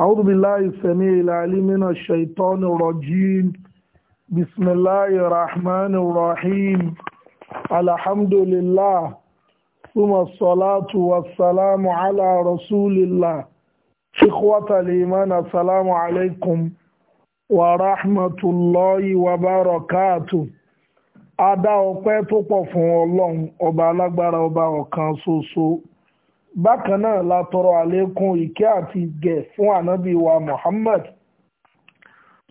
أعوذ بالله السميع العليم من الشيطان الرجيم بسم الله الرحمن الرحيم الحمد لله ثم الصلاة والسلام على رسول الله إخوة الإيمان السلام عليكم ورحمة الله وبركاته Adá ọpẹ́ tó pọ̀ fún Ọlọ́run ọba alágbára ọba ọ̀kan ṣoṣo bákan náà la tọrọ àlékún ìkẹ́ àti ìgẹ̀ fún ànábì wa Muhammad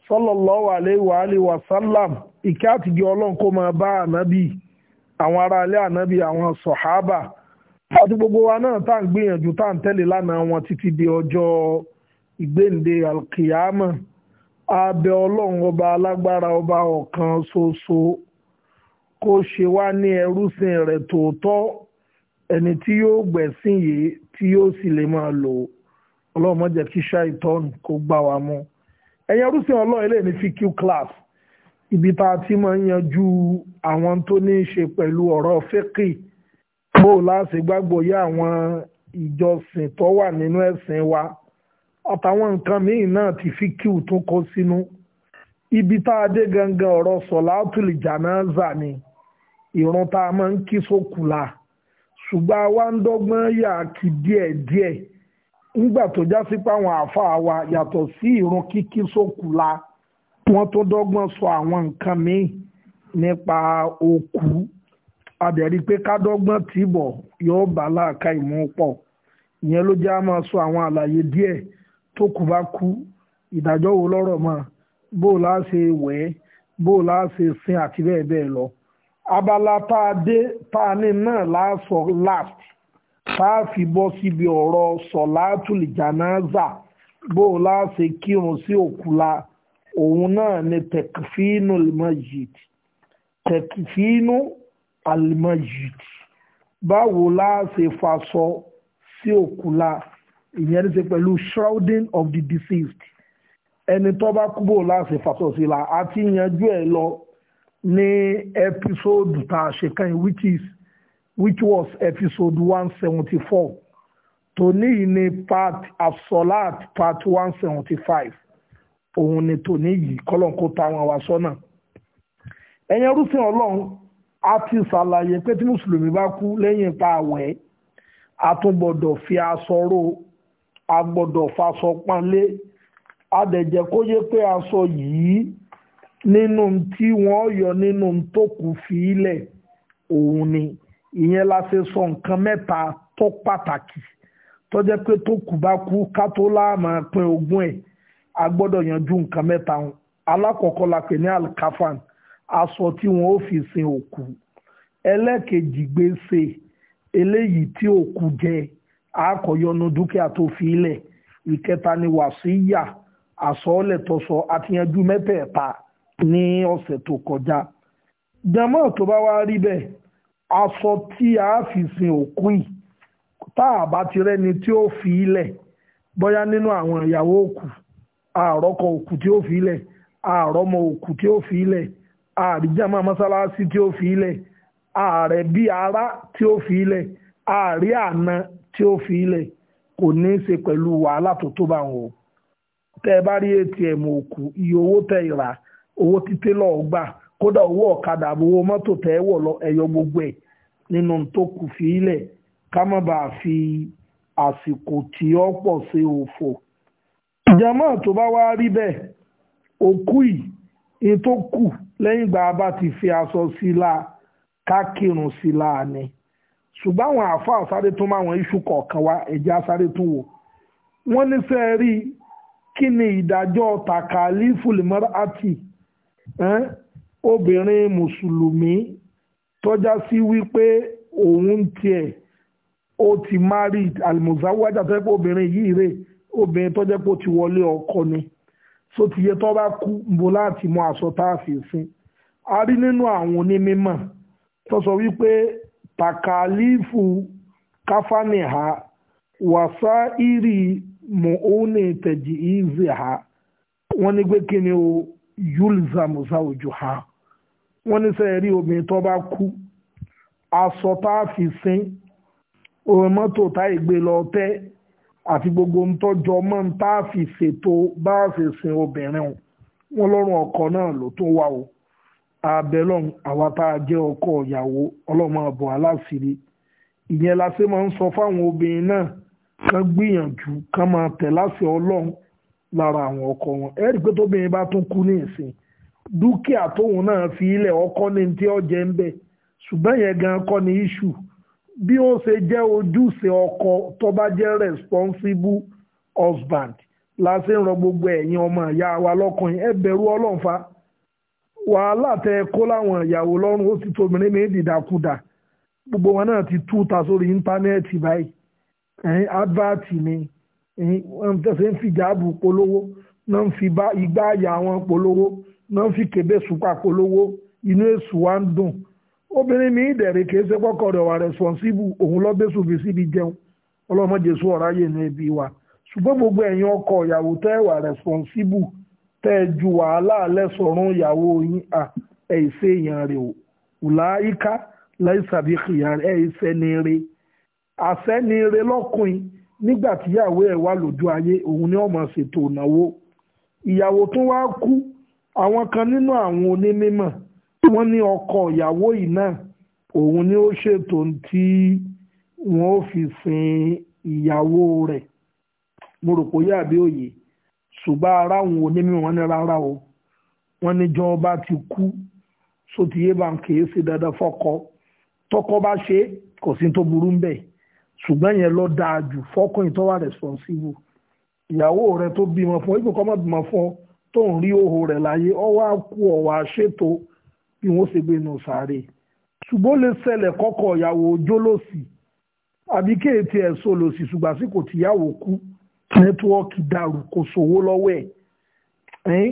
sallallahu alayhi wa alihi wa sallam ìkẹ́ àti ìgẹ̀ ọlọ́run kó máa bá ànábì àwọn ará ilé ànábì àwọn sọ̀hábà àti gbogbo wa náà tá ń gbìyànjú tá ń tẹ̀lé lánàá wọn títí di ọjọ́ ìgbéǹde alkiyama abẹ ọlọ́run ọba alágbára ọba ọ̀kan ṣoṣo kó ṣe wá ní ẹrúsìn rẹ̀ tòótọ́ ẹni tí yóò gbẹ̀sìn yìí tí yóò sì lè máa lò ó ọlọ́run má jẹ́ kí ṣáìtọ́n kó gbá wa mú ẹ̀yin arúsìn ọlọ́run eléyìí ní fq class ibi tá a ti máa ń yanjú àwọn tó ní í ṣe pẹ̀lú ọ̀rọ̀ fẹ́kì bó o láṣẹ gbàgbọ́ yé àwọn ìjọsìn tó wà nínú ẹ̀sìn wa àtàwọn nǹkan míì náà ti fq tún kó sínú ibi tá a dé gangan ọ̀rọ̀ sọ̀lá àtúlìjà náà zà ni tá a máa ń kí sókùlà. So ṣùgbọ́n wa ń dọ́gbọ́n yà kí díẹ̀díẹ̀ nígbà tó já sí pé àwọn wa yàtọ̀ sí ìrun kíkí sókù la wọ́n tó dọ́gbọ́n sọ àwọn nǹkan míì nípa òkú adẹ̀rí pé kádọ́gbọ́n tìbọ̀ yóò bá láàka ìmú pọ̀ ìyẹn ló já máa sọ àwọn àlàyé díẹ̀ tó kù bá kú ìdájọ́ wo lọ́rọ̀ mọ́ bó o wẹ̀ bó o sin àti bẹ́ẹ̀ bẹ́ẹ̀ lọ abala tá a dé tá a ní náà láàsọ last tá a fi bọ́ síbi ọ̀rọ̀ sọ̀látùl jànáza bó o láṣẹ kírun sí òkú la òun náà ni tẹkifínú almajid tẹkifínú almajid báwo láṣẹ faṣọ sí òkú la ìyẹn ní ṣe pẹ̀lú shrouding of the deceased ẹni tó bá kú bó o láṣẹ faṣọ sí la àti ìyanjú ẹ̀ lọ ní ẹpisódù tá a ṣe kan which is which was episode one seventy four tòní yìí ni part asolat part one seventy five òun ni tòní yìí kọ́lọ́n kó táwọn àwa sọ́nà ẹ̀yẹn rúfin ọlọ́run a ti ṣàlàyé pé tí mùsùlùmí bá kú lẹ́yìn ipa àwẹ̀ a tún gbọ́dọ̀ fi aṣọ ró a gbọ́dọ̀ faṣọ pánlé a dẹ̀ jẹ́ kó yé pé aṣọ yìí nínú tí wọ́n yọ nínú tó kù fílẹ̀ òun ni ìyẹn la ṣe sọ nǹkan mẹ́ta tó pàtàkì tó jẹ́ pé tó kù bá kú ká tó láàmà pín ogún ẹ̀ a gbọ́dọ̀ yanjú nǹkan mẹ́ta wọn alákọ̀ọ́kọ́ la pè ní alkafan aṣọ tí wọ́n ó fi sin òkú ẹlẹ́ẹ̀kejì gbèsè eléyìí tí òkú jẹ àkọ́yọnu dúkìá tó fi ilẹ̀ ìkẹta ni wàsíyà àsọọ́lẹ̀ tó sọ àti mẹ́tẹ̀ẹ̀ta ní ọ̀sẹ̀ tó kọjá jama tó bá wá rí bẹ́ẹ̀ aṣọ tí a fi sin òkú yìí tá a bá ti rẹ́ni tí ó fi ilẹ̀ bóyá nínú àwọn ìyàwó òkú àrọ́kọ òkú tí ó fi ilẹ̀ àrọ́mọ òkú tí ó fi ilẹ̀ àríjàmá mọ́sálásí tí ó fi ilẹ̀ ààrẹ bí ara tí ó fi ilẹ̀ ààrí àna tí ó fi ilẹ̀ kò ní í ṣe pẹ̀lú wàhálà tó tó bá wọn o tẹ́ bá rí atm òkú iye owó tẹ́ ìrà owó títẹ́ lọ́ọ́ gbà kódà owó ọ̀kadà àbówó mọ́tò tẹ́ wọ̀ lọ ẹ̀yọ gbogbo ẹ̀ nínú tó kù fi ilẹ̀ ká má bàa fi àsìkò tí ó pọ̀ sí òfò. ìjàmọ́ tó bá wá rí bẹ́ẹ̀ òkú yìí ní tó kù lẹ́yìn ìgbà bá ti fi aṣọ sí la ká kírun sí la ni ṣùgbọ́n àwọn àáfàá sáré tó máa wọn iṣu kọ̀ọ̀kan wá ẹ̀jẹ̀ asáré tó wò wọ́n ní sẹ́ẹ̀ kí ni ìdájọ́ tàkàlífù lèmọ́ràtì obìnrin mùsùlùmí tọ́já sí wípé òun tiẹ̀ ó ti married almuzawaja tó jẹ́ pé obìnrin yìí rè obìnrin tó jẹ́ pé ó ti wọlé ọkọ ni so ti yẹ tó bá kú mbo láti mọ aṣọ tá a fi sin a rí nínú àwọn onímọ̀ tó sọ wípé takalifu káfánìhà wàsá ìrì mọ̀ọ́nì tẹ̀jì ìzì ha wọ́n ní pé kí ni o yulzamu zawjuha wọ́n ní sẹ́yìn rí obìnrin tó bá kú aṣọ tá a fi sin òun mọ́tò tá ìgbé lọ tẹ́ àti gbogbo ń tọ́jọ mọ́ ń tá a fi ṣètò bá a fi sin obìnrin o wọ́n lọ́rùn ọkọ náà ló tó o abẹ́lọ́n àwa tá a jẹ́ ọkọ ìyàwó ọlọ́mọ àbọ̀ aláṣìírí ìyẹn la ṣe máa ń sọ fáwọn obìnrin náà kán gbìyànjú kán máa tẹ̀ láṣẹ ọlọ́run lára àwọn ọkọ wọn ẹ rí i bá tún kú ní ìsìn dúkìá tóun náà fi ilẹ̀ ọkọ ní tí ó jẹ ń bẹ̀ ṣùgbọ́n yẹn gan kọ́ ni issue bí ó ṣe jẹ́ ojúṣe ọkọ tó bá jẹ́ responsible husband la ṣe ń rọ gbogbo ẹ̀yin ọmọ ìyá wa lọ́kùnrin ẹ bẹ̀rù ọlọ́run fa wàhálà tẹ kó láwọn ìyàwó lọ́rùn ó sì tóbìnrin mi dìdàkudà gbogbo wọn náà ti tú ta sórí íńtánẹ́ẹ̀tì báyìí ẹ̀yin advert ni ṣe ń fi jáàbù polówó náà ń fi igbá àyà wọn polówó náà ń fi kébé sùpà polówó inú èṣù wa ń dùn obìnrin mi ìdẹ̀rẹ̀ kìí ṣe kọ́kọ́ rẹ̀ wà rẹ̀sponsibu òun lọ́ bẹ́sùn fi síbi jẹun ọlọ́mọdé sùn ọ̀rá yè ní ẹbí wa ṣùgbọ́n gbogbo ẹ̀yin ọkọ ìyàwó tẹ́ ẹ wà rẹ̀sponsibu tẹ́ ẹ ju wàhálà alẹ́ sọ̀rún ìyàwó yín à ẹ̀ ṣe èèyàn rẹ̀ o ùlàíkà láìsàbí kìyà ẹ̀ ṣẹ́ni re àṣẹ́ni re lọ́kùnrin nígbà tíyàwó ẹ̀ wà lójú ayé òun ni ó máa ṣètò ìnáwó ìyàwó tó wá kú àwọn kan nínú àwọn onímọ̀ wọ́n ní ọkọ ìyàwó yìí náà òun ni ó ṣètò tí wọ́n ó fi sin ìyàwó rẹ̀ mo rò pé yàbí òye ṣùgbọ́n ara àwọn onímọ̀ wọn ní rárá o wọ́n ní jọba ti kú sótìyébà kìí ṣe dandan fọ́kọ tọ́kọ bá ṣe kò sí tó burú ń bẹ́ẹ̀ ṣùgbọ́n yẹn lọ dáa jù fọ́kùnrin tó wà responsible ìyàwó rẹ tó bímọ fún ọ ìgbọ̀kọ́ má bímọ fún ọ tó ń rí òhò rẹ̀ láyé ọwọ́ àkú ọ̀wà ṣètò bí wọ́n ṣe gbé inú sáré ṣùgbọ́n lè ṣẹlẹ̀ kọ́kọ́ ìyàwó jólósì àbí kéètì ẹ̀sọ́ lòsì ṣùgbọ́n àsìkò tìyàwó kú nẹ́tíwọ́ọ̀kì dàrú kò sówó lọ́wọ́ ẹ̀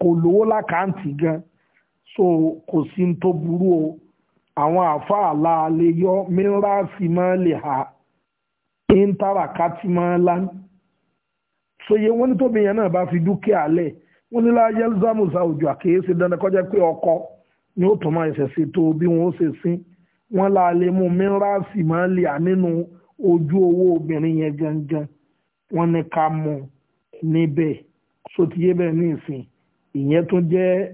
kò lówó lákàntì gan so kò sí ní tó burú o àwọn àáfàá láàlẹ yọ mìíràsì máa lè ha íńtàràkátì máa lá sóye wọn ní tóbi yẹn náà bá fi dúkìá lẹ wọn ní láyé zamuza òjò àkèésí dandan kọjá pé ọkọ ni ó tọ́ máa ṣẹ̀ṣẹ̀ tó bí wọn ó ṣe sin wọn láàlẹ mú mìíràsì máa lè hà nínú ojú owó obìnrin yẹn gangan wọn ní ká mú níbẹ̀ sotiye ní ìsìn ìyẹn tó jẹ́